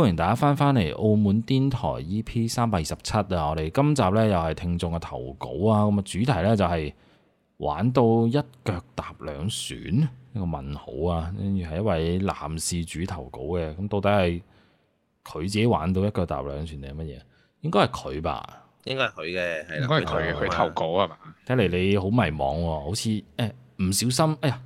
歡迎大家翻返嚟澳門癲台 EP 三百二十七啊！我哋今集呢又係聽眾嘅投稿啊，咁啊主題呢就係玩到一腳踏兩船呢個問號啊，跟住係一位男事主投稿嘅，咁到底係佢自己玩到一腳踏兩船定係乜嘢？應該係佢吧？應該係佢嘅，應該係佢嘅，佢的投稿啊。嘛？睇嚟你好迷茫喎，好似誒唔小心，哎呀！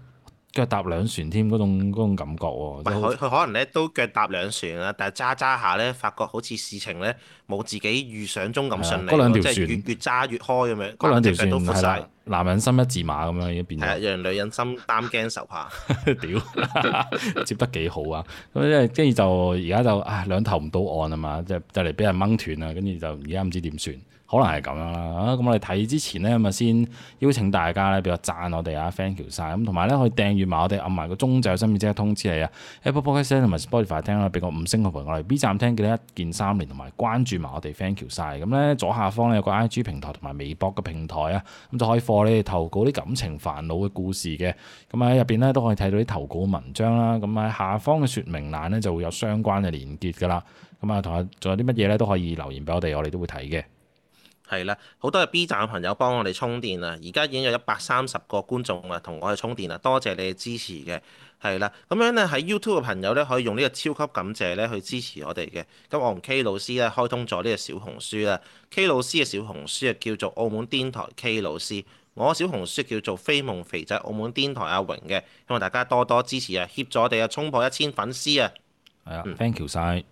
腳踏兩船添嗰種感覺喎，佢不就可能咧都腳踏兩船啦，但係揸揸下咧，發覺好似事情咧冇自己預想中咁順利，兩條船即係越越揸越開咁樣，嗰、那個、兩條船都係啦。男人心一字馬咁樣已經變咗，係啊，讓女人心擔驚受怕。屌， 接得幾好啊？咁即係跟住就而家就啊兩、哎、頭唔到岸啊嘛，即係就嚟俾人掹斷啦，跟住就而家唔知點算。可能係咁樣啦啊！咁我哋睇之前呢，咁啊先邀請大家咧，俾個讚我哋啊 Thank You 晒。咁，同埋咧可以訂閲埋我哋，按埋個鐘就有新片即刻通知你啊。Apple Podcast 同埋 Spotify 聽咧，俾個五星好評我哋。B 站聽記得一鍵三連同埋關注埋我哋 Thank You 晒。咁咧、嗯。左下方有個 I G 平台同埋微博嘅平台啊，咁、嗯、就可以俾你哋投稿啲感情煩惱嘅故事嘅。咁喺入邊咧都可以睇到啲投稿文章啦。咁、啊、喺下方嘅説明欄咧就會有相關嘅連結噶啦。咁啊同埋仲有啲乜嘢咧都可以留言俾我哋，我哋都會睇嘅。係啦，好多 B 站嘅朋友幫我哋充電啊！而家已經有一百三十個觀眾啊，同我哋充電啦，多謝你嘅支持嘅。係啦，咁樣咧喺 YouTube 嘅朋友咧，可以用呢個超級感謝咧去支持我哋嘅。咁我同 K 老師咧開通咗呢個小紅書啦，K 老師嘅小紅書啊叫做澳門癲台 K 老師，我小紅書叫做飛夢肥仔澳門癲台阿榮嘅。希望大家多多支持啊，協助我哋啊，衝破一千粉絲啊！係啊、嗯，thank you 晒。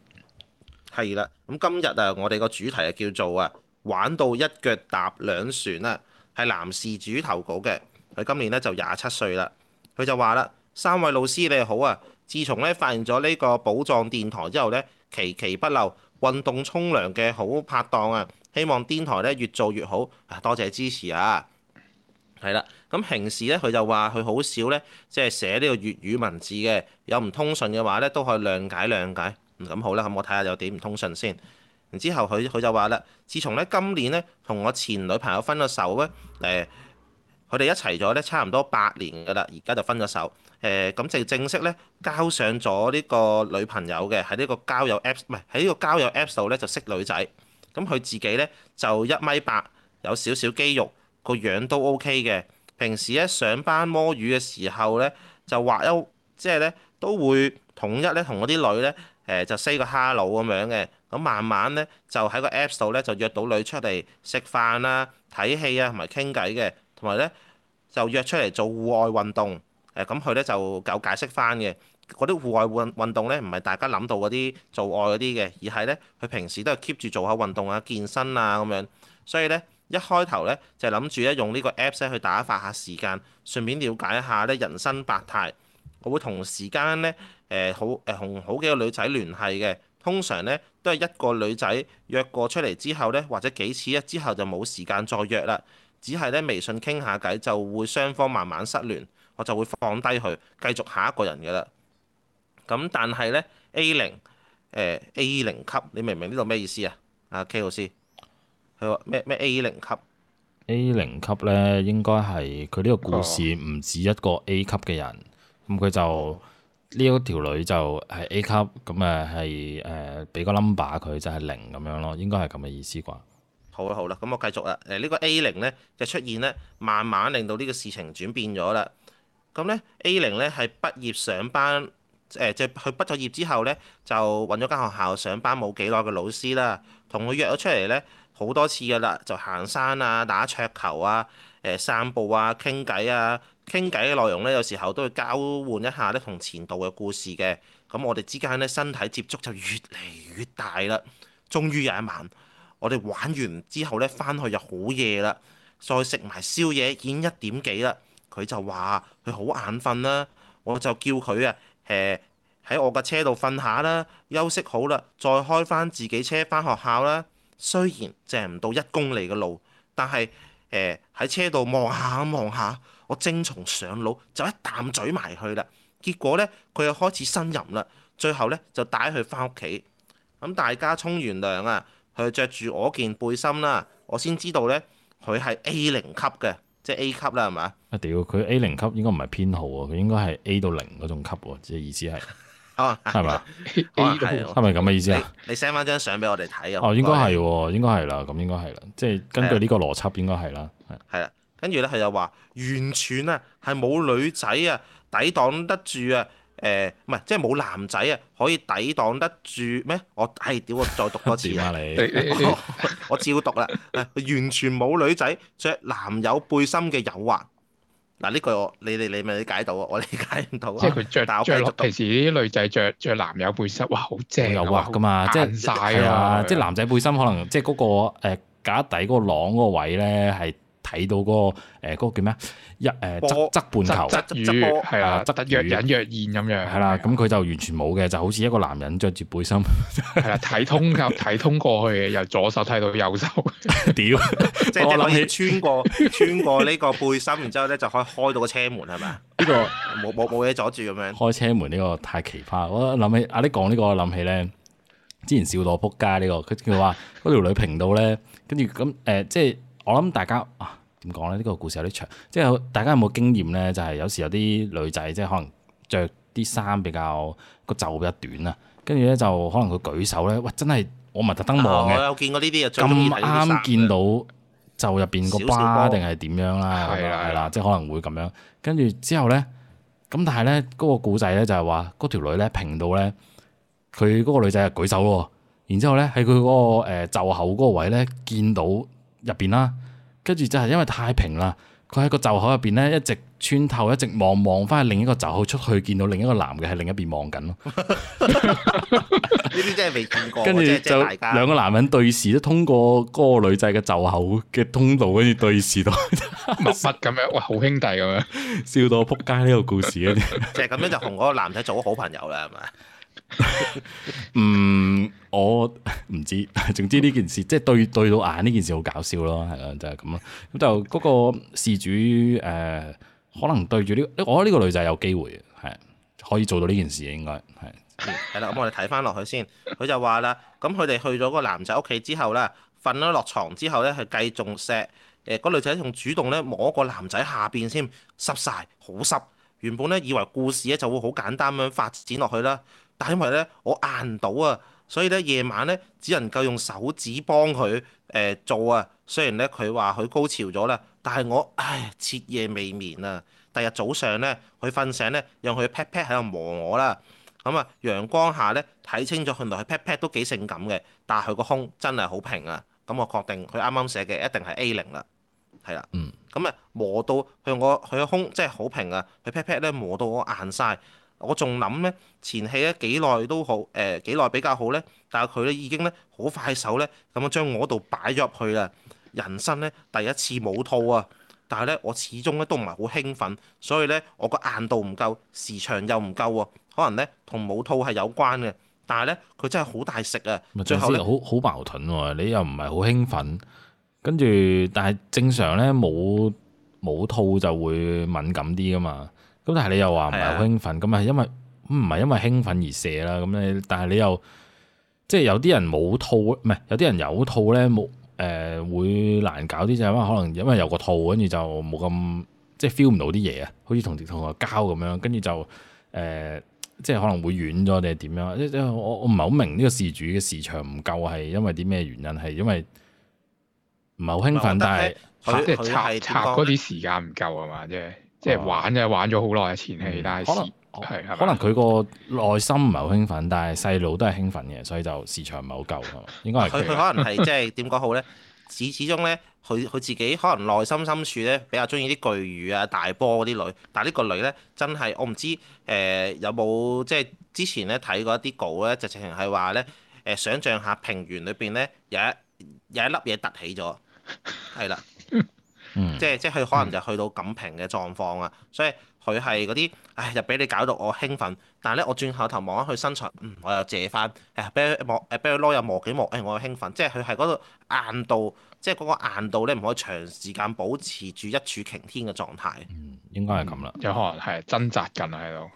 係啦，咁今日啊，我哋個主題啊叫做啊。玩到一腳踏兩船啦，係男事主投稿嘅，佢今年咧就廿七歲啦。佢就話啦：三位老師你好啊！自從咧發現咗呢個寶藏電台之後咧，期期不漏運動沖涼嘅好拍檔啊！希望電台咧越做越好，多謝支持啊！係啦，咁平時咧佢就話佢好少咧，即係寫呢個粵語文字嘅，有唔通順嘅話咧都可以諒解諒解。咁好啦，咁我睇下有啲唔通順先。然之後，佢佢就話啦，自從咧今年咧同我前女朋友分咗手咧，誒、呃，佢哋一齊咗咧差唔多八年嘅啦，而家就分咗手。誒、呃，咁就正式咧交上咗呢個女朋友嘅，喺呢個交友 Apps 唔、呃、係喺呢個交友 Apps 度咧就識女仔。咁佢自己咧就一米八，有少少肌肉，個樣都 OK 嘅。平時咧上班摸魚嘅時候咧，就畫一即係咧都會統一咧同嗰啲女咧。誒就 say 個 hello 咁樣嘅，咁慢慢咧就喺個 app 度咧就約到女出嚟食飯啦、啊、睇戲啊同埋傾偈嘅，同埋咧就約出嚟做戶外運動。誒咁佢咧就有解釋翻嘅，嗰啲戶外運運動咧唔係大家諗到嗰啲做愛嗰啲嘅，而係咧佢平時都係 keep 住做下運動啊、健身啊咁樣。所以咧一開頭咧就諗住咧用呢個 app 咧去打發下時間，順便了解一下咧人生百態。我會同時間咧。誒、呃、好誒，同、呃、好幾個女仔聯繫嘅，通常咧都係一個女仔約過出嚟之後咧，或者幾次一之後就冇時間再約啦，只係咧微信傾下偈就會雙方慢慢失聯，我就會放低佢，繼續下一個人㗎喇。咁但係咧 A 零誒、呃、A 零級，你明唔明呢度咩意思啊？阿 K 老師，佢話咩咩 A 零級？A 零級咧應該係佢呢個故事唔止一個 A 級嘅人，咁佢、oh. 就。呢一條女就係 A 級，咁誒係誒俾個 number 佢就係零咁樣咯，應該係咁嘅意思啩、啊？好啦好啦，咁我繼續啦。誒、呃、呢、呢個 A 零咧就出現咧，慢慢令到呢個事情轉變咗啦。咁、嗯、咧 A 零咧係畢業上班，誒即係佢畢咗業之後咧就揾咗間學校上班冇幾耐嘅老師啦，同佢約咗出嚟咧好多次噶啦，就行山啊、打桌球啊、誒、呃、散步啊、傾偈啊。傾偈嘅內容咧，有時候都會交換一下咧，同前度嘅故事嘅。咁我哋之間咧身體接觸就越嚟越大啦。終於有一晚，我哋玩完之後咧，翻去就好夜啦，再食埋宵夜，已經一點幾啦。佢就話佢好眼瞓啦，我就叫佢啊，誒喺我嘅車度瞓下啦，休息好啦，再開翻自己車翻學校啦。雖然淨係唔到一公里嘅路，但係誒喺車度望下望下。我精蟲上腦就一啖嘴埋去啦，結果咧佢又開始呻吟啦，最後咧就帶佢翻屋企。咁大家沖完涼啊，佢着住我件背心啦、啊，我先知道咧佢係 A 零級嘅，即、就、係、是、A 級啦，係嘛？啊屌！佢 A 零級應該唔係編號喎，佢應該係 A 到零嗰種級喎，即係意思係，係嘛、啊、吧？A 係咪咁嘅意思啊？ 你 send 翻張相俾我哋睇啊！哦，應該係，應該係啦，咁應該係啦，即係根據呢個邏輯應該係啦，係的。係啊。跟住咧，佢又話完全啊，係冇女仔啊抵擋得住啊！誒，唔係即係冇男仔啊可以抵擋得住咩？我係屌，我再讀多次啊你！我照讀啦，完全冇女仔着男友背心嘅誘惑。嗱呢句我你哋，你咪理解到啊，我理解唔到啊。即係佢着著著落，其實啲女仔着著男友背心，哇好正啊！誘惑噶嘛，即係晒啊！即係男仔背心可能即係嗰個誒假底嗰個窿嗰個位咧係。睇到嗰個誒嗰個叫咩？一誒側側半球側魚係啊，側魚若隱若現咁樣係啦。咁佢就完全冇嘅，就好似一個男人着住背心係啦，睇通睇通過去嘅，由左手睇到右手。屌！即係我諗起穿過穿過呢個背心，然之後咧就可以開到個車門係咪啊？呢個冇冇冇嘢阻住咁樣。開車門呢個太奇葩。我諗起阿啲講呢個，我諗起咧之前笑到我撲街呢個。佢佢話嗰條女頻道咧，跟住咁誒，即係我諗大家。點講咧？呢、這個故事有啲長，即係大家有冇經驗咧？就係、是、有時有啲女仔，即係可能着啲衫比較個袖比較短啊，跟住咧就可能佢舉手咧，哇！真係我咪特登望嘅，我有、哦、見過呢啲啊，咁啱見到袖入邊個疤定係點樣啦？係啦係啦，即係可能會咁樣。跟住之後咧，咁但係咧嗰個故仔咧就係話嗰條女咧平到咧，佢嗰個女仔啊舉手喎，然之後咧喺佢嗰個誒袖口嗰個位咧見到入邊啦。跟住就係因為太平啦，佢喺個袖口入邊咧，一直穿透，一直望望翻去另一個袖口出去，見到另一個男嘅喺另一邊望緊咯。呢啲 真係未見過。跟住就兩個男人對視，都通過嗰個女仔嘅袖口嘅通道，跟住對視到密密咁樣，喂，好兄弟咁樣，， 笑到我仆街呢個故事咧，即係咁樣就同嗰個男仔做好朋友啦，係咪？ 嗯，我唔知，總之呢件事即係對對到眼呢件事好搞笑咯，係咯，就係咁咯。咁就嗰個事主誒、呃，可能對住呢、這個，我諗呢個女仔有機會係可以做到呢件事，應該係係啦。咁、嗯、我哋睇翻落去先，佢就話啦，咁佢哋去咗嗰個男仔屋企之後咧，瞓咗落床之後咧，係繼續錫誒，嗰女仔仲主動咧摸個男仔下邊先，濕晒好濕。原本咧以為故事咧就會好簡單咁發展落去啦。但因為咧，我硬到啊，所以咧夜晚咧只能夠用手指幫佢誒做啊。雖然咧佢話佢高潮咗啦，但係我唉徹夜未眠啊。第日早上咧，佢瞓醒咧，用佢嘅 pat pat 喺度磨我啦。咁啊，陽光下咧睇清楚佢原來佢 pat pat 都幾性感嘅，但係佢個胸真係好平啊。咁我確定佢啱啱寫嘅一定係 A 零啦。係啦，嗯，咁啊磨到佢我佢個胸真係好平啊。佢 pat pat 咧磨到我硬晒。我仲諗呢，前戲咧幾耐都好，誒幾耐比較好呢？但係佢咧已經咧好快手呢，咁樣將我度擺咗入去啦。人生呢，第一次冇套啊，但係呢，我始終咧都唔係好興奮，所以呢，我個硬度唔夠，時長又唔夠喎。可能、嗯、呢，同冇套係有關嘅，但係呢，佢真係好大食啊！最後又好好矛盾喎，啊，你又唔係好興奮，跟住但係正常呢，冇冇套就會敏感啲噶嘛。咁但係你又話唔係好興奮，咁係的因為唔係因為興奮而射啦，咁咧，但係你又即係、就是、有啲人冇套，唔係有啲人有套咧，冇、呃、誒會難搞啲，就係因為可能因為有個套，跟住就冇咁即係 feel 唔到啲嘢啊，好似同同個膠咁樣，跟住就誒即係可能會軟咗定係點樣？即、就、係、是、我我唔係好明呢個事主嘅時長唔夠係因為啲咩原因？係因為唔係好興奮，但係即係插插嗰啲時間唔夠啊嘛？即係你。即係玩就玩咗好耐嘅前期，但，但係時係可能佢個內心唔係好興奮，但係細路都係興奮嘅，所以就時長唔係好夠。應該係佢佢可能係即係點講好咧？始始終咧，佢佢自己可能內心深處咧比較中意啲巨魚啊、大波嗰啲女。但係呢個女咧真係我唔知誒、呃、有冇即係之前咧睇過一啲稿咧，直情係話咧誒，想象下平原裏邊咧有一有一粒嘢凸起咗，係啦。 嗯、即係即係佢可能就去到咁平嘅狀況啊，所以佢係嗰啲，唉，就俾你搞到我興奮，但係咧我轉下頭望一望佢身材，嗯，我又借翻，誒，俾佢磨，誒，俾佢攞又磨幾磨，誒我又興奮，即係佢係嗰度硬度，即係嗰個硬度咧唔可以長時間保持住一柱擎天嘅狀態。嗯，應該係咁啦，有可能係掙扎緊喺度。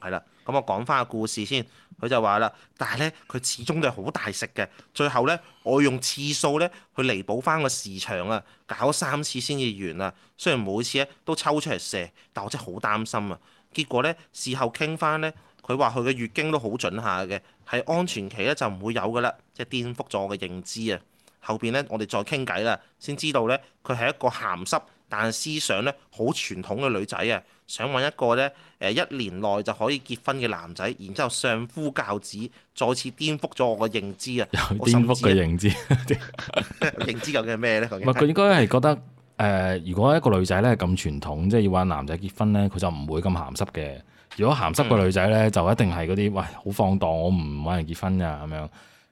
係啦，咁、嗯嗯嗯、我講翻個故事先。佢就話啦，但係咧，佢始終都係好大食嘅。最後咧，我用次數咧去彌補翻個時長啊，搞三次先至完啊。雖然每次咧都抽出嚟射，但我真係好擔心啊。結果咧，事後傾翻咧，佢話佢嘅月經都好準下嘅，係安全期咧就唔會有噶啦，即係顛覆咗我嘅認知啊。後邊咧，我哋再傾偈啦，先知道咧，佢係一個鹹濕但係思想咧好傳統嘅女仔啊。想揾一個咧，誒一年內就可以結婚嘅男仔，然之後相夫教子，再次顛覆咗我嘅認知啊！有顛覆嘅認知，認知究竟係咩呢？佢 應該係覺得，誒、呃、如果一個女仔咧咁傳統，即係要揾男仔結婚呢，佢就唔會咁鹹濕嘅。如果鹹濕嘅女仔呢，就一定係嗰啲喂，好放蕩，我唔揾人結婚啊咁樣。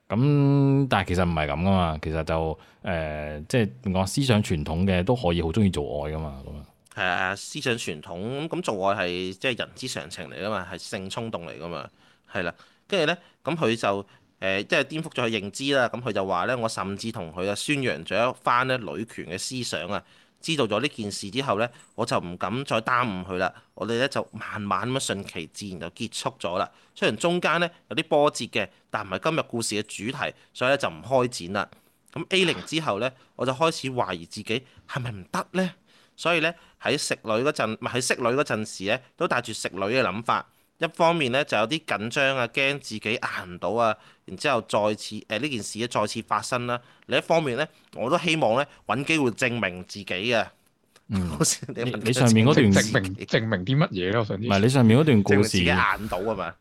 咁但係其實唔係咁噶嘛，其實就誒、呃、即係我思想傳統嘅都可以好中意做愛噶嘛咁啊。係啊，思想傳統咁做愛係即係人之常情嚟噶嘛，係性衝動嚟噶嘛，係啦。跟住咧，咁佢就誒即係顛覆咗佢認知啦。咁佢就話咧，我甚至同佢啊宣揚咗一番咧女權嘅思想啊。知道咗呢件事之後咧，我就唔敢再耽誤佢啦。我哋咧就慢慢咁樣順其自然就結束咗啦。雖然中間咧有啲波折嘅，但唔係今日故事嘅主題，所以咧就唔開展啦。咁 A 零之後咧，我就開始懷疑自己係咪唔得咧？所以咧喺食女嗰陣，唔係喺識女嗰陣時咧，都帶住食女嘅諗法。一方面咧就有啲緊張啊，驚自己硬唔到啊，然之後再次誒呢、呃、件事咧再次發生啦。另一方面咧，我都希望咧揾機會證明自己啊、嗯。 你上面嗰段證明證明啲乜嘢咧？我想知。唔係你上面嗰段故事。硬到啊嘛。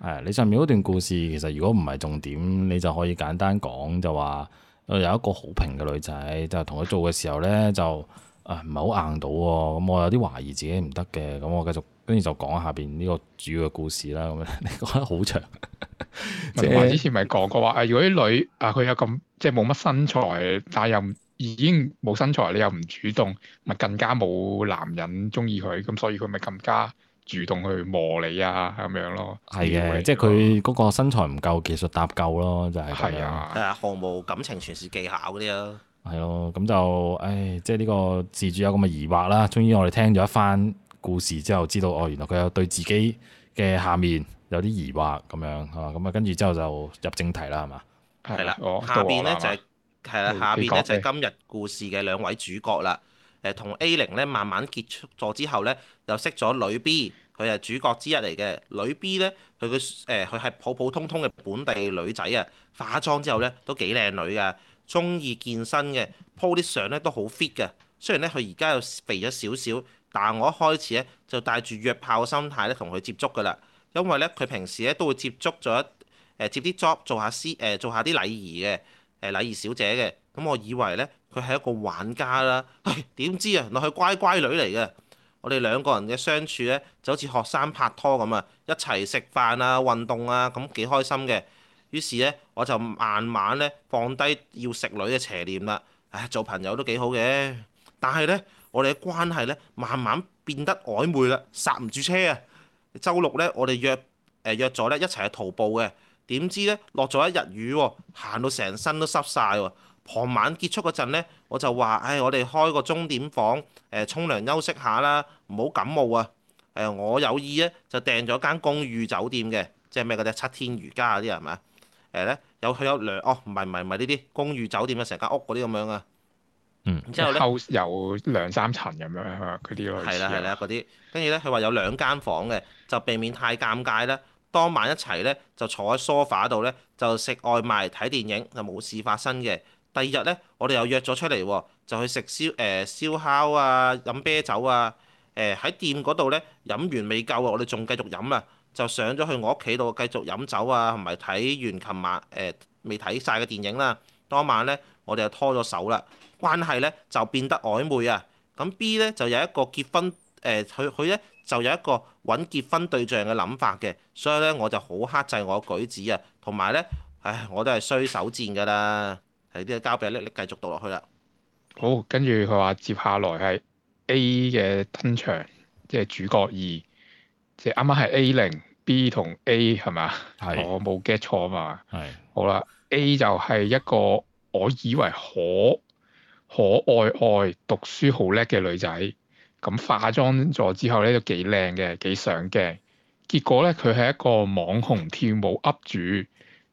係 你上面嗰段故事其實如果唔係重點，你就可以簡單講就話。誒有一個好平嘅女仔，就同佢做嘅時候咧，就誒唔係好硬到喎，咁我有啲懷疑自己唔得嘅，咁我繼續，跟住就講下邊呢個主要嘅故事啦。咁樣你講得好長， 即係、我之前咪講過話，誒如果啲女啊佢有咁即係冇乜身材，但係又已經冇身材，你又唔主動，咪更加冇男人中意佢，咁所以佢咪更加。主動去磨你啊，咁樣咯，係嘅，即係佢嗰個身材唔夠，技術搭夠咯，就係、是。係啊的。誒，毫無感情，全是技巧嗰啲啊。係咯，咁就誒、哎，即係呢個事主有咁嘅疑惑啦。終於我哋聽咗一番故事之後，知道哦，原來佢有對自己嘅下面有啲疑惑咁樣啊。咁啊，跟住之後就入正題啦，係嘛？係啦，下邊咧就係係啦，下邊咧就係今日故事嘅兩位主角啦。誒同 A 零咧慢慢結束咗之後咧，又識咗女 B，佢係主角之一嚟嘅。女 B 咧，佢嘅誒佢係普普通通嘅本地女仔啊，化咗妝之後咧都幾靚女㗎，中意健身嘅，po 啲相咧都好 fit 㗎。雖然咧佢而家又肥咗少少，但係我一開始咧就帶住約炮嘅心態咧同佢接觸㗎啦，因為咧佢平時咧都會接觸咗誒接啲 job 做下司誒做下啲禮儀嘅誒禮儀小姐嘅，咁我以為咧。佢係一個玩家啦，點知啊，落去乖乖女嚟嘅。我哋兩個人嘅相處咧就好似學生拍拖咁啊，一齊食飯啊、運動啊，咁幾開心嘅。於是咧，我就慢慢咧放低要食女嘅邪念啦。唉、哎，做朋友都幾好嘅，但係咧我哋嘅關係咧慢慢變得曖昧啦，剎唔住車啊。周六咧我哋約誒、呃、約咗咧一齊去徒步嘅，點知咧落咗一日雨、啊，行到成身都濕晒喎、啊。傍晚結束嗰陣咧，我就話：唉，我哋開個鐘點房，誒、呃，沖涼休息下啦，唔好感冒啊！誒、呃，我有意咧就訂咗間公寓酒店嘅，即係咩嗰啲七天如家嗰啲係咪啊？咧、呃、有佢有兩哦，唔係唔係唔係呢啲公寓酒店嘅成間屋嗰啲咁樣啊。嗯。之後咧有兩三層咁樣係嘛？嗰啲類似。係啦係啦，嗰啲跟住咧佢話有兩間房嘅，就避免太尷尬啦。當晚一齊咧就坐喺 sofa 度咧就食外賣睇電影就冇事發生嘅。第二日咧，我哋又約咗出嚟喎，就去食燒誒、呃、燒烤啊，飲啤酒啊。誒、呃、喺店嗰度咧飲完未夠啊，我哋仲繼續飲啊，就上咗去我屋企度繼續飲酒啊，同埋睇完琴晚誒未睇晒嘅電影啦、啊。當晚咧我哋又拖咗手啦，關係咧就變得曖昧啊。咁 B 咧就有一個結婚誒，佢佢咧就有一個揾結婚對象嘅諗法嘅，所以咧我就好克制我嘅舉止啊，同埋咧唉我都係衰手賤噶啦～啲交俾你，你繼續讀落去啦。好，跟住佢話接下來係 A 嘅登場，即係主角二，即係啱啱係 A 零 B 同 A 係咪啊嘛？係我冇 get 錯啊嘛？係，好啦，A 就係一個我以為可可愛愛、讀書好叻嘅女仔，咁化妝咗之後咧都幾靚嘅，幾上鏡。結果咧佢係一個網紅跳舞 up 主。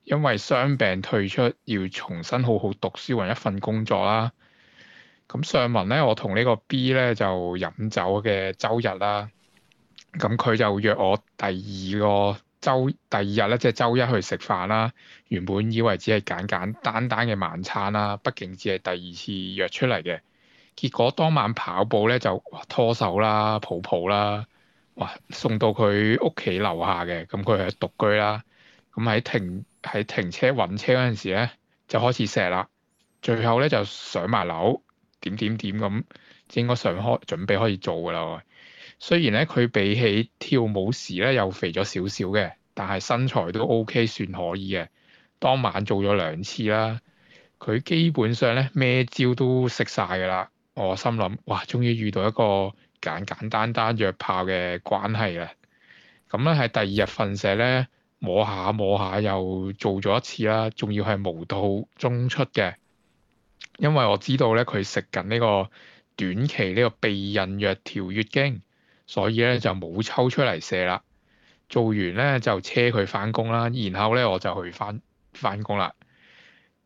因為傷病退出，要重新好好讀書搵一份工作啦。咁上文咧，我同呢個 B 咧就飲酒嘅周日啦。咁佢就約我第二個周，第二日咧，即係周一去食飯啦。原本以為只係簡簡單單嘅晚餐啦，畢竟只係第二次約出嚟嘅。結果當晚跑步咧就拖手啦、抱抱啦。哇！送到佢屋企樓下嘅，咁佢係獨居啦。咁喺停，喺停車揾車嗰陣時咧，就開始錫啦。最後咧就上埋樓，點點點咁，應該上開準備可以做噶啦。雖然咧佢比起跳舞時咧又肥咗少少嘅，但係身材都 OK，算可以嘅。當晚做咗兩次啦，佢基本上咧咩招都識晒噶啦。我心諗，哇，終於遇到一個簡簡單單約炮嘅關係啦。咁咧喺第二日瞓醒咧。摸下摸下又做咗一次啦，仲要係無套中出嘅，因為我知道咧佢食緊呢個短期呢個避孕藥調月經，所以咧就冇抽出嚟射啦。做完咧就車佢翻工啦，然後咧我就去翻翻工啦。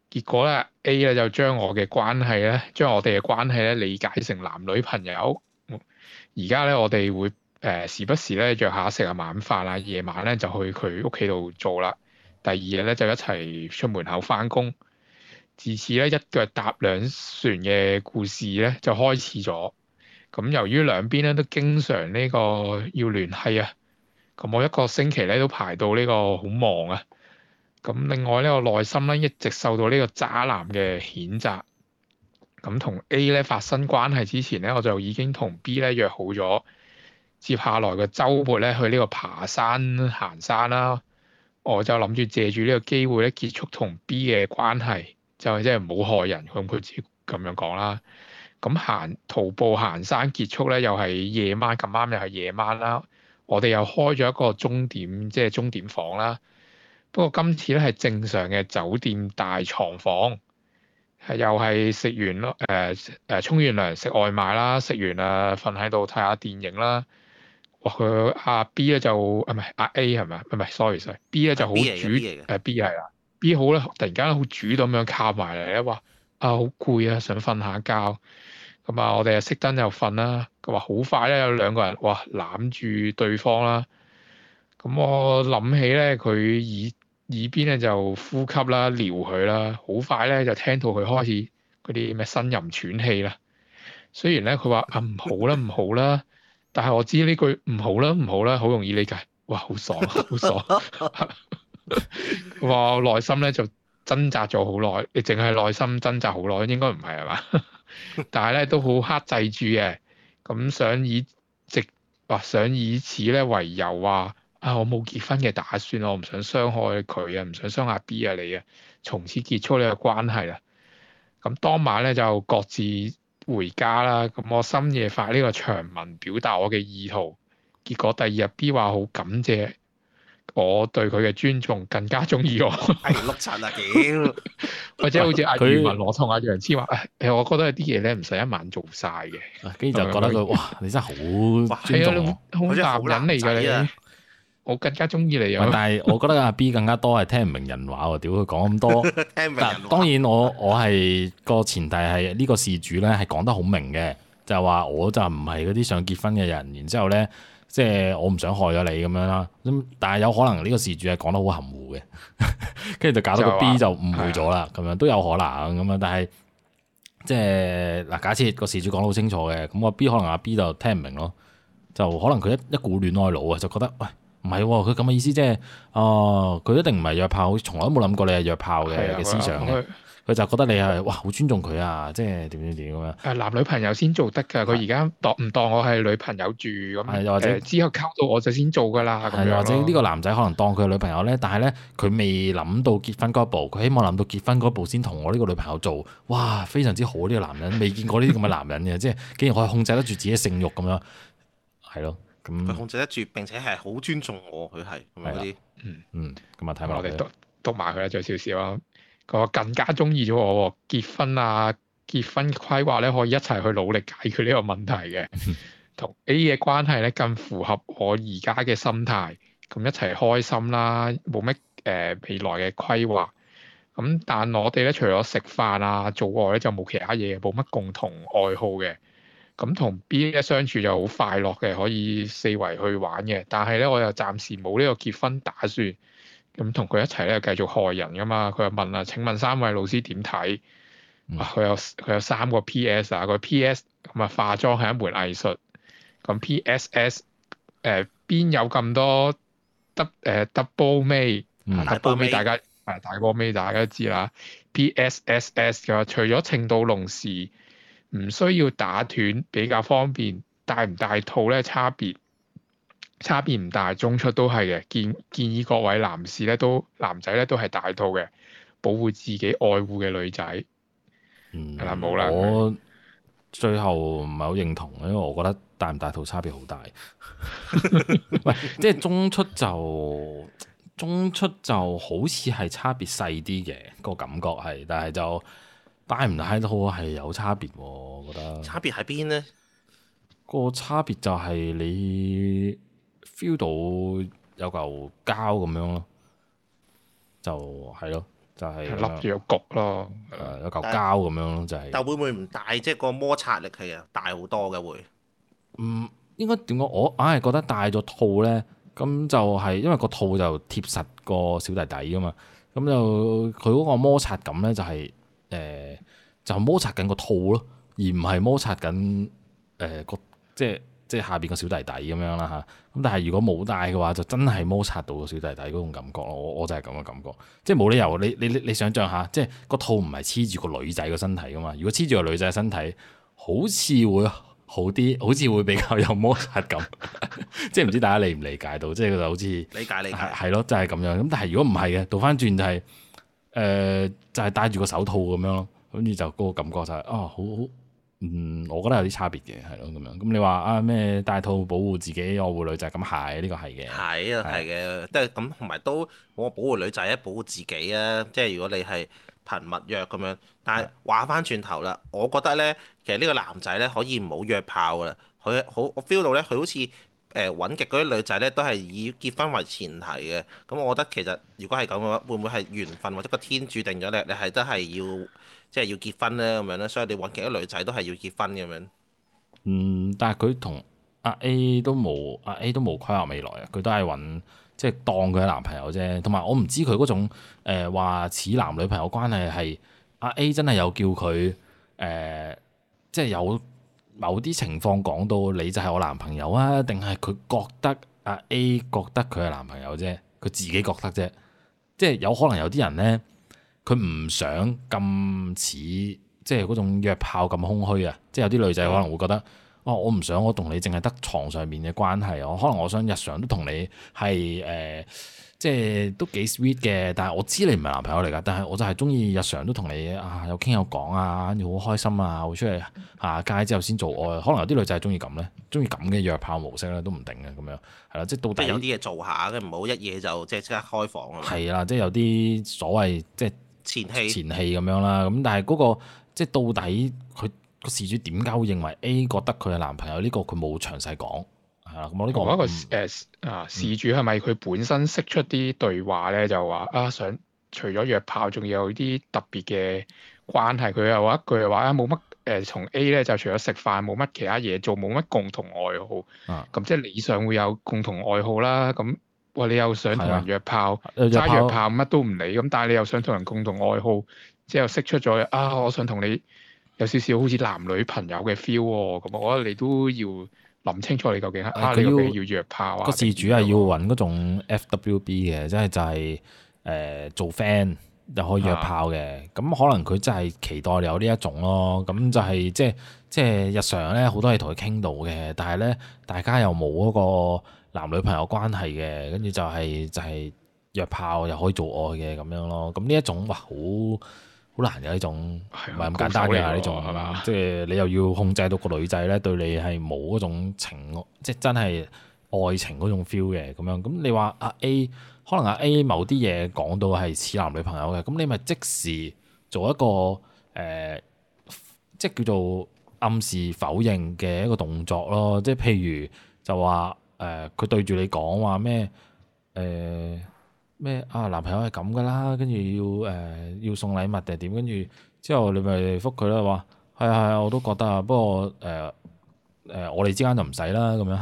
結果咧 A 咧就將我嘅關係咧，將我哋嘅關係咧理解成男女朋友。而家咧我哋會。誒時不時咧約下食下晚飯啦，夜晚咧就去佢屋企度做啦。第二日咧就一齊出門口翻工。自此咧一腳踏兩船嘅故事咧就開始咗。咁由於兩邊咧都經常呢個要聯繫啊，咁我一個星期咧都排到呢個好忙啊。咁另外我內心咧一直受到呢個渣男嘅譴責。咁同 A 咧發生關係之前咧，我就已經同 B 咧約好咗。接下來嘅週末咧，去呢個爬山行山啦，我就諗住借住呢個機會咧，結束同 B 嘅關係，就即係唔好害人，可唔可以咁樣講啦？咁、嗯、行徒步行山結束咧，又係夜晚，咁啱又係夜晚啦。我哋又開咗一個終點，即係終點房啦。不過今次咧係正常嘅酒店大床房，係又係食完誒誒沖完涼食外賣啦，食完啊瞓喺度睇下電影啦。哇佢阿、啊、B 咧就啊唔係阿 A 係咪啊唔係 sorry sorry B 咧就好主誒 B 係啦 B 好咧突然間好主動咁樣靠埋嚟啦話啊好攰啊想瞓下覺咁啊我哋熄燈又瞓啦佢話好快咧有兩個人哇攬住對方啦咁、啊、我諗起咧佢耳耳邊咧就呼吸啦撩佢啦好快咧就聽到佢開始嗰啲咩呻吟喘氣啦雖然咧佢話啊唔好啦唔好啦。但係我知呢句唔好啦，唔好啦，好容易理解。哇，好爽，好爽。話 內心咧就掙扎咗好耐，你淨係內心掙扎好耐，應該唔係係嘛？ 但係咧都好克制住嘅，咁想以直話想以此咧為由話啊、哎，我冇結婚嘅打算，我唔想傷害佢啊，唔想傷害 B 啊你啊，從此結束呢個關係啦。咁當晚咧就各自回家啦，咁我深夜發呢個長文表達我嘅意圖，結果第二日 b 話好感謝我對佢嘅尊重，更加中意我。哎，碌柒啦屌！或者好似阿余文羅同阿楊之話，誒、哎，我覺得有啲嘢咧唔使一晚做晒嘅，跟住就覺得佢哇，你真係好尊重啊，好似、哎、男人嚟㗎你。我更加中意你又， 但係我覺得阿 B 更加多係聽唔明人話喎，屌佢講咁多 聽明話。當然我我係個前提係呢、呢個事主咧係講得好明嘅，就話、係、我就唔係嗰啲想結婚嘅人，然之後咧即係我唔想害咗你咁樣啦。咁但係有可能呢個事主係講得好含糊嘅，跟 住就搞到個 B 就誤會咗啦，咁、啊、樣都有可能咁樣。但係即係嗱，假設個事主講得好清楚嘅，咁個 B 可能阿 B 就聽唔明咯，就可能佢一一股戀愛腦啊，就覺得喂～、哎唔係，佢咁嘅意思即、就、係、是，哦，佢一定唔係約炮，從來都冇諗過你係約炮嘅嘅的思想佢、嗯、就覺得你係、嗯、哇，好尊重佢啊，即係點點點咁樣。係男女朋友先做得噶，佢而家當唔當我係女朋友住咁，或者之後溝到我就先做噶啦。係或者呢個男仔可能當佢係女朋友咧，但係咧佢未諗到結婚嗰步，佢希望諗到結婚嗰步先同我呢個女朋友做。哇，非常之好呢、這個男人，未見過呢啲咁嘅男人嘅， 即係竟然可以控制得住自己性慾咁樣，係咯。佢控制得住，並且係好尊重我，佢係同埋啲，嗯嗯，咁啊睇埋，我哋督督埋佢啊，著少少啦。佢話更加中意咗我，結婚啊，結婚規劃咧可以一齊去努力解決呢個問題嘅。同 A 嘅關係咧更符合我而家嘅心態，咁一齊開心啦、啊，冇乜誒未來嘅規劃。咁但我哋咧除咗食飯啊做外咧就冇其他嘢，冇乜共同愛好嘅。咁同 B 一相處就好快樂嘅，可以四圍去玩嘅。但係咧，我又暫時冇呢個結婚打算。咁同佢一齊咧，繼續害人㗎嘛？佢就問啦：請問三位老師點睇？佢有佢有三個 P.S. 啊，個 P.S. 咁啊化妝係一門藝術。咁 P.S.S. 誒邊有咁多得誒 double m 係 double 美，大家係大過美大家都知啦。P.S.S.S. 除咗程度龍時。唔需要打斷，比較方便。帶唔帶套咧？差別差別唔大，中出都係嘅。建建議各位男士咧，男都男仔咧都係戴套嘅，保護自己，愛護嘅女仔。嗯，嗱，冇啦。我最後唔係好認同，因為我覺得帶唔帶套差別好大。 即係中出就中出就好似係差別細啲嘅個感覺係，但係就。戴唔戴套都好係有差別，我覺得。差別喺邊咧？個差別就係你 feel 到有嚿膠咁樣咯，就係咯，就係、是那個。係笠住有焗咯，誒、呃，有嚿膠咁樣咯，但就係。但會唔會唔大？即係、那個摩擦力係啊，大好多嘅會。唔、嗯，應該點講？我硬係、哎、覺得戴咗套咧，咁就係、是、因為個套就貼實個小弟弟噶嘛，咁就佢嗰個摩擦感咧就係、是。誒、呃，就摩擦緊個套咯，而唔係摩擦緊誒個即係即係下邊個小弟弟咁樣啦吓。咁但係如果冇戴嘅話，就真係摩擦到個小弟弟嗰種感覺咯。我我就係咁嘅感覺，即係冇理由。你你你想象下，即係個套唔係黐住個女仔個身體噶嘛？如果黐住個女仔身體，好似會好啲，好似會比較有摩擦感。 即係唔知大家理唔理解到？即係佢就好似理解理解係、啊、咯，就係咁樣。咁但係如果唔係嘅，倒翻轉就係、是。誒、呃、就係、是、戴住個手套咁樣咯，跟住就嗰個感覺就係、是、啊，好好嗯，我覺得有啲差別嘅，係咯咁樣。咁你話啊咩戴套保護自己，我保護女仔咁係呢個係嘅，係啊係嘅，即係咁同埋都我保護女仔啊，的保護自己啊，即係如果你係頻密約咁樣，但係話翻轉頭啦，我覺得咧其實呢個男仔咧可以唔好約炮噶啦，佢好我 feel 到咧佢好似。誒揾極嗰啲女仔咧，都係以結婚為前提嘅。咁我覺得其實如果係咁嘅話，會唔會係緣分或者個天注定咗你？你係都係要即係、就是、要結婚咧咁樣咧？所以你揾極啲女仔都係要結婚咁樣。嗯，但係佢同阿 A 都冇阿 A 都冇規劃未來啊！佢都係揾即係當佢係男朋友啫。同埋我唔知佢嗰種誒話、呃、似男女朋友關係係阿 A 真係有叫佢誒即係有。某啲情況講到你就係我男朋友啊？定係佢覺得阿 A 覺得佢係男朋友啫？佢自己覺得啫，即係有可能有啲人呢，佢唔想咁似即係嗰種約炮咁空虛啊！即係有啲女仔可能會覺得，哦，我唔想我同你淨係得床上面嘅關係，我可能我想日常都同你係誒。呃即係都幾 sweet 嘅，但係我知你唔係男朋友嚟噶，但係我就係中意日常都同你啊有傾有講啊，跟住好開心啊，會出嚟下街之後先做愛，可能有啲女仔係中意咁呢，中意咁嘅約炮模式咧都唔定嘅咁樣，係啦，即係到底有啲嘢做下嘅，唔好一嘢就即係即刻開房啊。係啦，即係有啲所謂即係前戲前戲咁樣啦，咁但係嗰、嗰個即係到底佢個事主點解會認為 A 覺得佢係男朋友呢個佢冇詳細講。嗱，嗯、我呢個誒、呃、啊事主係咪佢本身識出啲對話咧？就話啊，想除咗約炮，仲有啲特別嘅關係。佢又話一句話咧，冇乜誒，從 A 咧就除咗食飯，冇乜其他嘢做，冇乜共同愛好。咁、嗯、即係理想會有共同愛好啦。咁喂，你又想同人約炮，揸約、啊、炮乜都唔理。咁、啊、但係你又想同人共同愛好，之後識出咗啊，我想同你有少少好似男女朋友嘅 feel 咁、啊、我覺得你都要。諗清楚你究竟係、啊、要要約炮個、啊、事主係要揾嗰種 F.W.B 嘅，即係、啊、就係、是、誒、呃、做 friend 又可以約炮嘅。咁、啊、可能佢真係期待有呢一種咯。咁就係即即係日常咧，好多嘢同佢傾到嘅。但係咧，大家又冇嗰個男女朋友關係嘅，跟住就係、是、就係、是、約炮又可以做愛嘅咁樣咯。咁呢一種哇好～好難有呢種，唔係咁簡單嘅呢種，係嘛，即係你又要控制到個女仔咧，對你係冇嗰種情，即係真係愛情嗰種 feel 嘅咁樣。咁你話阿 A 可能阿 A 某啲嘢講到係似男女朋友嘅，咁你咪即時做一個誒、呃，即係叫做暗示否認嘅一個動作咯。即係譬如就話誒，佢、呃、對住你講話咩誒？呃咩啊男朋友係咁噶啦，跟住要誒、呃、要送禮物定係點？跟住之後你咪覆佢啦，話係啊係啊我都覺得啊，不過誒誒、呃呃、我哋之間就唔使啦咁樣，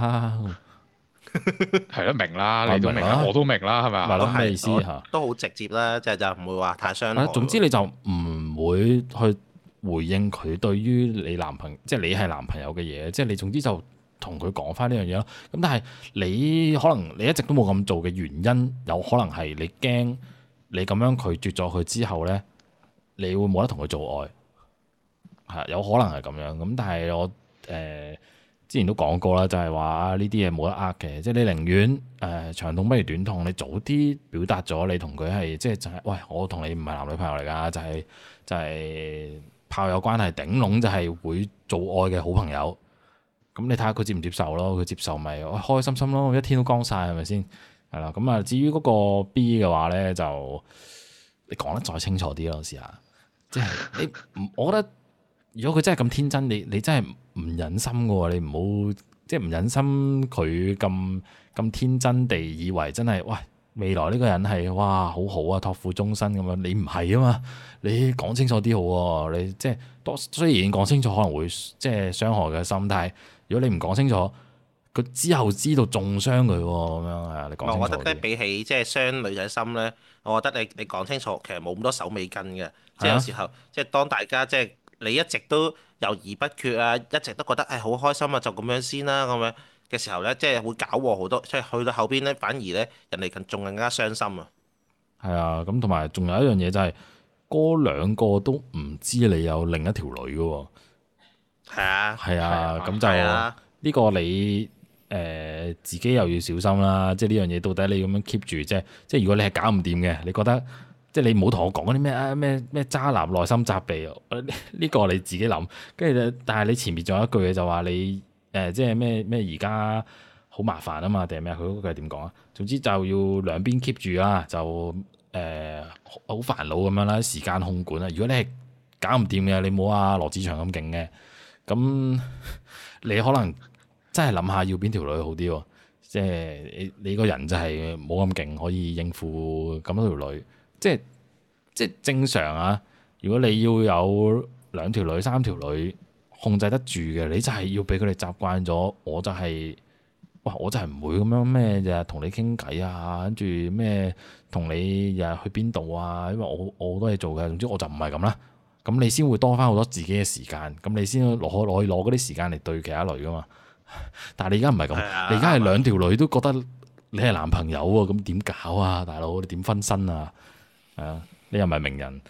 係咯 明啦，你明的都明 都，我都明啦，係咪？唔係咯咩意思嚇？都好直接啦，即係就唔、是、會話太傷害。總之你就唔會去回應佢對於你男朋即係、就是、你係男朋友嘅嘢，即、就、係、是、你總之就。同佢講翻呢樣嘢咯，咁但係你可能你一直都冇咁做嘅原因，有可能係你驚你咁樣拒絕咗佢之後呢，你會冇得同佢做愛，係有可能係咁樣。咁但係我誒、呃、之前都講過啦，就係話呢啲嘢冇得呃嘅，即係你寧願誒長痛不如短痛，你早啲表達咗你同佢係即係就係、是、喂，我同你唔係男女朋友嚟㗎，就係、是、就係、是、炮友關係，頂籠就係會做愛嘅好朋友。咁你睇下佢接唔接受咯？佢接受咪開開心心咯？一天都光晒係咪先？係啦。咁啊，至於嗰個 B 嘅話咧，就你講得再清楚啲咯，試下。即係你，我覺得如果佢真係咁天真，你你真係唔忍心嘅喎。你唔好即係唔忍心佢咁咁天真地以為真係喂，未來呢個人係哇好好啊，託付終身咁啊。你唔係啊嘛，你講清楚啲好。你即係多雖然講清楚可能會即係傷害佢心，但如果你唔講清楚，佢之後知道重傷佢喎，咁樣啊，你講清楚啲。我覺得比起即係傷女仔心咧，我覺得你你講清楚其實冇咁多手尾跟嘅，即係有時候，啊、即係當大家即係你一直都猶疑不決啊，一直都覺得誒好、哎、開心啊，就咁樣先啦，咁樣嘅時候咧，即係會搞禍好多，即係去到後邊咧，反而咧人哋更仲更加傷心啊。係啊，咁同埋仲有一樣嘢就係、是、哥兩個都唔知你有另一條女嘅。係啊，係啊，咁就呢個你誒自己又要小心啦。即係呢樣嘢到底你咁樣 keep 住，即係即係如果你係搞唔掂嘅，你覺得即係你唔好同我講啲咩啊咩咩渣男內心責備呢？呢個你自己諗。跟住，但係你前面仲有一句嘢就話你誒，即係咩咩而家好麻煩啊嘛，定係咩？佢嗰句係點講啊？總之就要兩邊 keep 住啦，就誒好煩惱咁樣啦，時間控管啊。如果你係搞唔掂嘅，你唔好阿羅志祥咁勁嘅。咁你可能真係諗下要邊條女好啲喎，即係你你個人就係冇咁勁可以應付咁多條女，即係即係正常啊。如果你要有兩條女，三條女控制得住嘅，你就係要俾佢哋習慣咗。我就係哇，我就係唔會咁樣咩日日同你傾偈啊，跟住咩同你日日去邊度啊，因為我我好多嘢做嘅，總之我就唔係咁啦。咁你先會多返好多自己嘅時間，咁你先攞可攞去攞嗰啲時間嚟對其他女㗎嘛？但係你而家唔係咁，你而家係兩條女都覺得你係男朋友喎，咁點搞啊，大佬？你點分身啊？係啊，你又唔係名人。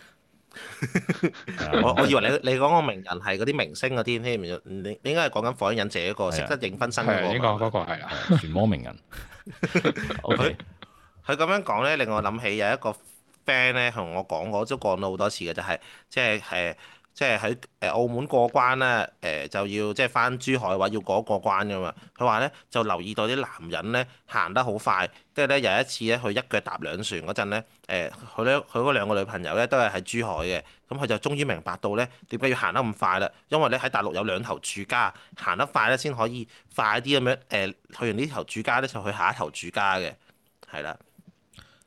我我以為你你講個名人係嗰啲明星嗰啲添，你應該係講緊火影忍者一個識得影分身嗰個。係啊，嗰個係啊，漩渦名人。佢佢咁樣講咧，令我諗起有一個。friend 咧同我講過，都講咗好多次嘅，就係即係誒，即係喺誒澳門過關咧，誒、呃、就要即係返珠海嘅話要過一過關㗎嘛。佢話咧就留意到啲男人咧行得好快，即係咧有一次咧佢一腳踏兩船嗰陣咧，誒佢咧佢嗰兩個女朋友咧都係喺珠海嘅，咁佢就終於明白到咧點解要行得咁快啦，因為咧喺大陸有兩頭住家，行得快咧先可以快啲咁樣誒去完呢頭住家咧就去下一頭住家嘅，係啦。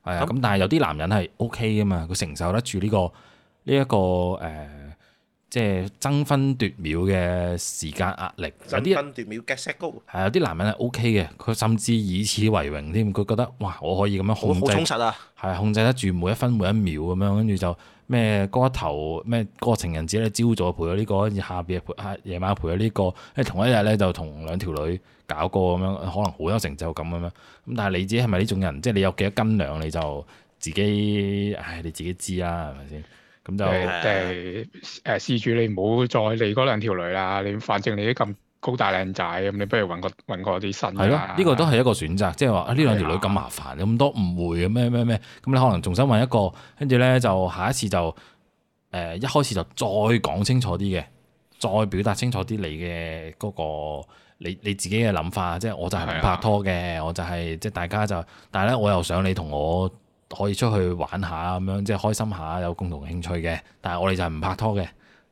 係啊，咁但係有啲男人係 OK 噶嘛，佢承受得住呢、呢個呢一、呢個誒、呃，即係爭分奪秒嘅時間壓力。爭分奪秒 get set go、啊、有啲男人係 OK 嘅，佢甚至以此為榮添，佢覺得哇，我可以咁樣控制，係控制得住每一分每一秒咁樣，跟住就。咩嗰一頭咩個情人節咧，朝早陪咗呢個，跟住下邊夜陪啊夜晚陪咗呢個，誒同一日咧就同兩條女搞過咁樣，可能好有成就感咁樣。咁但係你自己係咪呢種人？即係你有幾多斤糧，你就自己唉你自己知啦，係咪先？咁就誒誒事主你唔好再理嗰兩條女啦。你反正你都咁。高大靚仔咁，你不如揾個揾個啲新嘅。係咯、啊，呢、這個都係一個選擇，即係話呢兩條女咁麻煩，咁、哎、呀多誤會嘅咩咩咩，咁你可能重新揾一個，跟住咧就下一次就誒、呃、一開始就再講清楚啲嘅，再表達清楚啲你嘅嗰、那個你你自己嘅諗法，即係我就係唔拍拖嘅，哎、呀我就係、是、即係大家就，但係咧我又想你同我可以出去玩下咁樣，即係開心下，有共同興趣嘅，但係我哋就係唔拍拖嘅。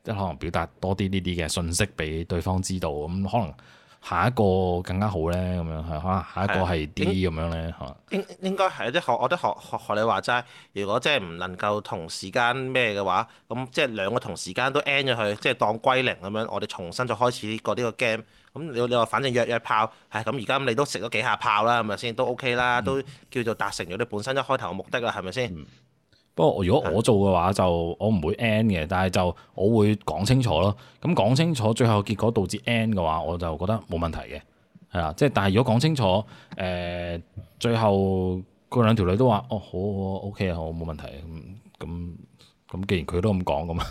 即係可能表達多啲呢啲嘅信息俾對方知道，咁可能下一個更加好咧，咁樣係可能下一個係啲咁樣咧嚇。應應該係，即係我都得學學你話齋，如果即係唔能夠同時間咩嘅話，咁即係兩個同時間都 end 咗佢，即係當歸零咁樣，我哋重新再開始過呢個 game。咁你你話反正約約炮，係咁而家咁你都食咗幾下炮啦，係咪先都 OK 啦，嗯、都叫做達成咗你本身一開頭嘅目的啦，係咪先？嗯。不過，如果我做嘅話，就我唔會 end 嘅，但係就我會講清楚咯。咁講清楚，最後結果導致 end 嘅話，我就覺得冇問題嘅，係啊。即係但係如果講清楚，誒、呃，最後嗰兩條女都話，哦，好，好，好，okay, 好，OK 啊，我冇問題。咁咁咁，既然佢都咁講，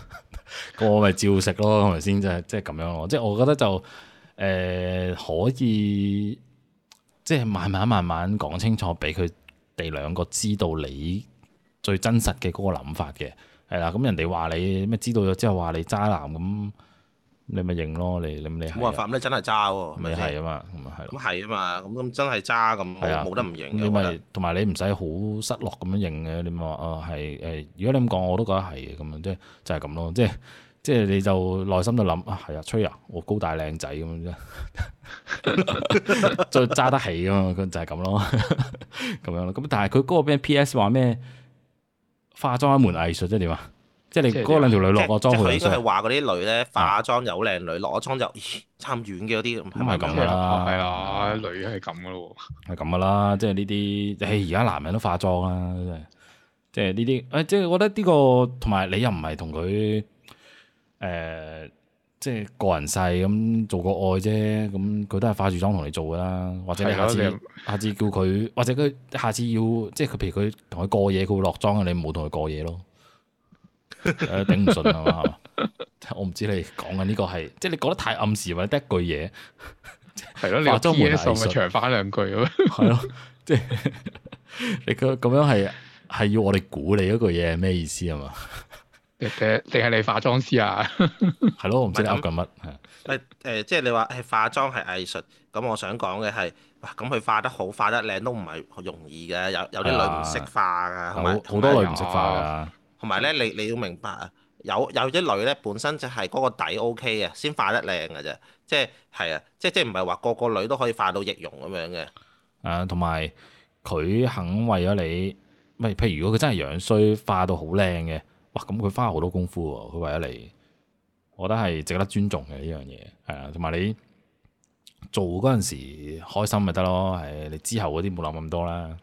咁我咪照食咯，係咪先？即係即係咁樣咯。即係我覺得就誒、呃、可以，即、就、係、是、慢慢慢慢講清楚，俾佢哋兩個知道你。最真實嘅嗰個諗法嘅，係啦，咁人哋話你咩知道咗之後話你渣男咁，你咪認咯，你你你冇辦法，咁你真係渣喎，咪係啊嘛，咁係啊嘛，咁咁真係渣咁，冇得唔認嘅。你咪同埋你唔使好失落咁樣認嘅，你咪話啊係誒，如果你咁講，我都覺得係嘅，咁樣即係就係咁咯，即係即係你就內心就諗啊係啊吹啊，我高大靚仔咁樣啫，再揸得起啊嘛，佢就係咁咯，咁樣咯，咁但係佢嗰個邊 PS 話咩？化妝一門藝術，即係點啊？即係你嗰兩條女落咗妝佢。佢應該係話嗰啲女咧化妝有靚女，落咗妝就差咁遠嘅嗰啲，唔係咁噶啦。係啦，女係咁噶咯。係咁噶啦，即係呢啲。唉，而家男人都化妝啦、啊，即係呢啲。唉，即係、哎、我覺得呢個同埋你又唔係同佢誒。即係個人細咁做個愛啫，咁佢都係化住妝同你做㗎啦，或者你下次的下次叫佢，或者佢下次要，即係佢，譬如佢同佢過夜，佢會落妝嘅，你唔好同佢過夜咯。頂唔順啊！ 我唔知你講緊呢個係，即係你講得太暗示或者得一句嘢，係咯的？你話裝唔嚟咪長翻兩句咁咯？係咯，即係你覺得咁樣係係要我哋估你嗰句嘢係咩意思啊嘛？定係你化妝師啊？係 咯，我唔知你噏緊乜係。誒，即係你話誒，化妝係藝術，咁我想講嘅係，哇咁佢化得好，化得靚都唔係好容易嘅。有有啲女唔識化㗎，同埋好多女唔識化㗎。同埋咧，你你要明白、啊，有有啲女咧本身就係嗰個底 O K 嘅，先化得靚㗎啫。即係係啊，即即唔係話個個女都可以化到易容咁樣嘅。誒、啊，同埋佢肯為咗你，唔譬如如果佢真係樣衰，化到好靚嘅。哇！咁佢花好多功夫喎，佢為咗你，我覺得係值得尊重嘅呢樣嘢，係啊，同埋你做嗰陣時開心咪得咯，係你之後嗰啲冇諗咁多啦，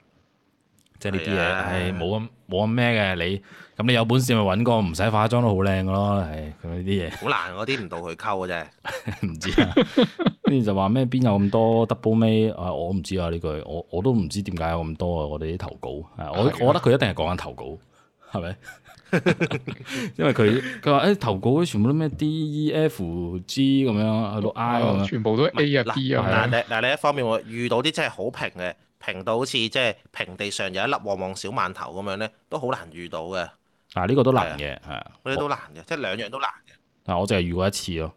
即係呢啲嘢係冇咁冇咁咩嘅，你咁你有本事咪搵個唔使化妝都好靚咯，係咁呢啲嘢。好難嗰啲唔到佢溝嘅啫，唔知啊，跟住 就話咩邊有咁多 double may 啊？我唔知啊呢句，我我都唔知點解有咁多啊！我哋啲投稿啊，我我，我覺得佢一定係講緊投稿。 係咪？因為佢佢話誒，投稿啲、欸、全部都咩 D、E、F、G 咁樣，去到 I 全部都 A 啊 D 啊。但嗱嗱，另一方面我遇到啲真係好平嘅，平到好似即係平地上有一粒旺旺小饅頭咁樣咧，都好難遇到嘅。嗱呢、啊這個都難嘅，係啊，呢、啊、都難嘅，即係兩樣都難嘅。嗱、啊，我淨係遇過一次咯，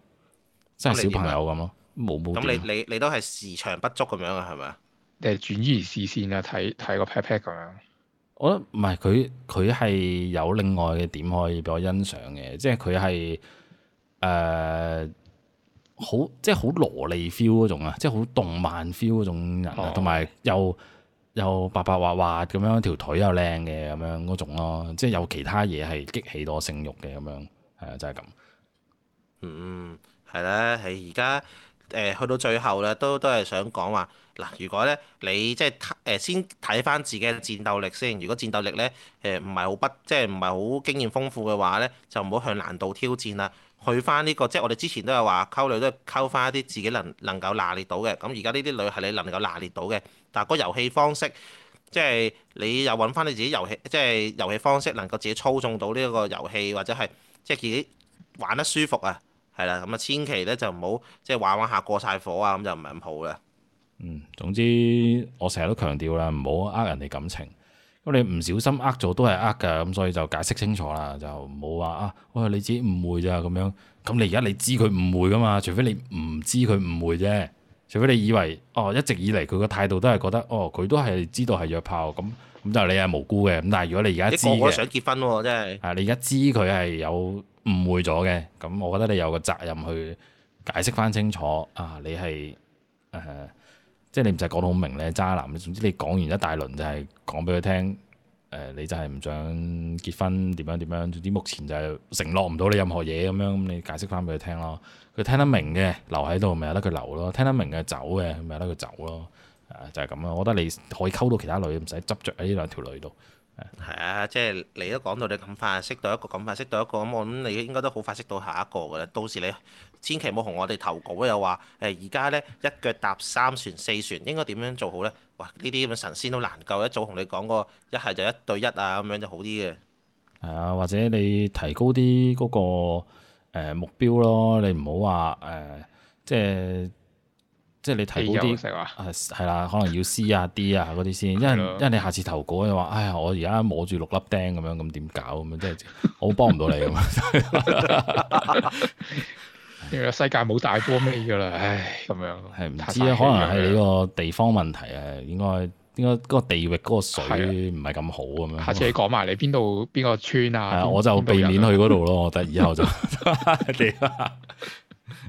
即係小朋友咁咯，冇冇。咁你你你都係時長不足咁樣啊？係咪啊？你係轉移視線啊？睇睇個 pat pat 咁樣。我覺得唔係佢，佢係有另外嘅點可以俾我欣賞嘅，即係佢係誒好，即係好蘿莉 feel 嗰種啊，即係好動漫 feel 嗰種人啊，同埋、哦、又又白白滑滑咁樣，條腿又靚嘅咁樣嗰種咯，即係有其他嘢係激起到性慾嘅咁樣，係、就、啊、係，就係咁。嗯，係啦，喺而家。誒去到最後咧，都都係想講話嗱，如果咧你即係誒先睇翻自己嘅戰鬥力先。如果戰鬥力咧誒唔係好不即係唔係好經驗豐富嘅話咧，就唔好向難度挑戰啦。去翻呢、這個即係我哋之前都有話溝女都係溝翻一啲自己能能夠拿捏到嘅。咁而家呢啲女係你能夠拿捏到嘅，但係嗰遊戲方式即係、就是、你又揾翻你自己遊戲即係、就是遊、就是、遊戲方式能夠自己操縱到呢一個遊戲或者係即係自己玩得舒服啊。係啦，咁啊千祈咧就唔好即係玩玩下過晒火啊，咁就唔係咁好啦。嗯，總之我成日都強調啦，唔好呃人哋感情。咁你唔小心呃咗都係呃㗎，咁所以就解釋清楚啦，就唔好話啊，喂，你自己誤會咋咁樣。咁你而家你知佢誤會㗎嘛？除非你唔知佢誤會啫，除非你以為哦一直以嚟佢個態度都係覺得哦佢都係知道係約炮咁。嗯咁就你係無辜嘅，咁但係如果你而家知嘅，我想結婚喎，真係、啊。你而家知佢係有誤會咗嘅，咁我覺得你有個責任去解釋翻清楚。啊，你係誒、啊，即係你唔使講到好明你係，渣男。總之你講完一大輪就係講俾佢聽，誒、呃，你就係唔想結婚，點樣點樣。總之目前就承諾唔到你任何嘢咁樣，咁你解釋翻俾佢聽咯。佢聽得明嘅留喺度，咪由得佢留咯；聽得明嘅走嘅，咪由得佢走咯。就係咁咯，我覺得你可以溝到其他女，唔使執着喺呢兩條女度。係啊，即係你都講到你咁快識到一個咁快識到一個咁，我諗你應該都好快識到下一個噶啦。到時你千祈冇同我哋投稿又話，誒、而家呢，一腳踏三船四船，應該點樣做好呢？哇，呢啲咁嘅神仙都難救。一早同你講過，一係就一對一啊，咁樣就好啲嘅。係啊，或者你提高啲嗰個目標咯，你唔好話誒即係。呃、即係即係你睇啲係啦，可能要 C 啊 D 啊嗰啲先，因為因為你下次投稿，你話，哎呀，我而家摸住六粒釘咁樣，咁點搞咁樣？即係我幫唔到你咁。因為世界冇大波咩㗎啦，唉，咁樣係唔知啊，可能係你個地方問題啊，應該應該嗰個地域嗰個水唔係咁好咁樣。下次你講埋你邊度邊個村啊？係啊，我就避免去嗰度咯。我覺得以後就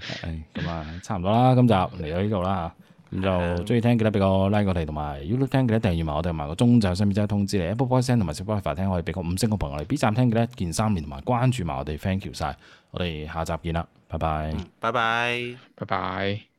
係咁啊， 差唔多啦，今集嚟到呢度啦吓，咁 就中意聽記得俾個 like 我哋，同埋 YouTube 聽記得訂閱埋我哋，埋個鐘就有新片即刻通知你，Apple Podcast 同埋 Spotify 聽我哋俾個五星個朋友嚟，B 站聽記得鍵三連同埋關注埋我哋 Thank you，晒，我哋下集見啦，拜拜，拜拜，拜拜。